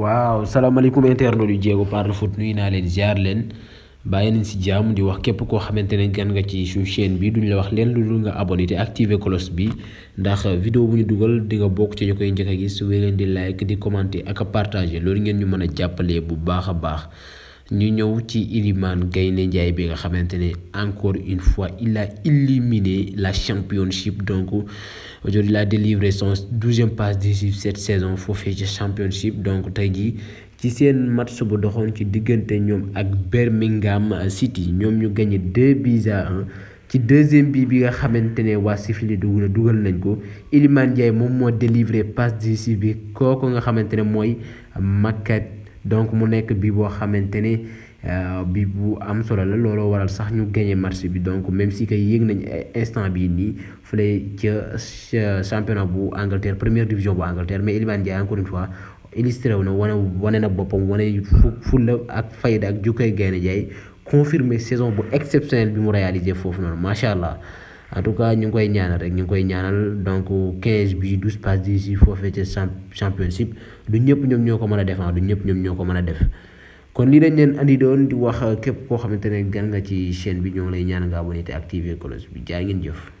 waaw salaamaaleykum internautes yu Diégo Parle Foot nuyu naa leen jaar leen bàyyi nañ si jàmm di wax képp koo xamante ne gan nga ci suuf chaîne bi duñu la wax leen lu dul nga abonné te activer cloche bi ndax vidéo bu ñu dugal di nga bokk ci ñu koy njëkk a gis wéy leen di like di commenter ak a partager loolu ngeen ñu mën a jàppalee bu baax a baax. ñu ñëw ci Iliman Gayne Ndiaye bi nga xamantene encore une fois il a éliminé la championship donc aujourd'hui il a délivré son 12e passe décisive cette saison foofee ci championship donc tay ji ci seen match bu doxoon ci diggante ñom ak Birmingham City ñom ñu gagné 2 buts à 1 ci deuxième bi bi nga xamantene wa waa sifili dugal nañ ko Iliman Ndiaye moom mo délivré passe décisive bi kooku nga xamantene moy mooy Makat donc mu nekk bi boo xamante ne euh, bi bu am solo la looloo waral sax ñu gagné match bi donc même si kay yéeg nañ euh, instant bii nii fële ca championnat bu Angleterre première division bu Angleterre mais Iliman Ndiaye encore une fois illustré wu na wane wane na boppam wane fulla ak fayda ak jukkay gaynde Ndiaye confirmé saison bu exceptionnelle bi mu réalisé foofu noonu macha allah. en tout cas ñu ngi koy ñaanal rek ñu ngi koy ñaanal donc 15 bi 12 passes décisives foofee ca championship du ñëpp ñoom ñoo ko mën a def ah, du ñëpp ñoom ñoo ko mën a def kon lii dañ leen andi doon di wax képp koo xamante ne gan nga ci chaîne bi ñoo ngi lay ñaan nga abonné te activer cloche bi jaay ngeen jëf.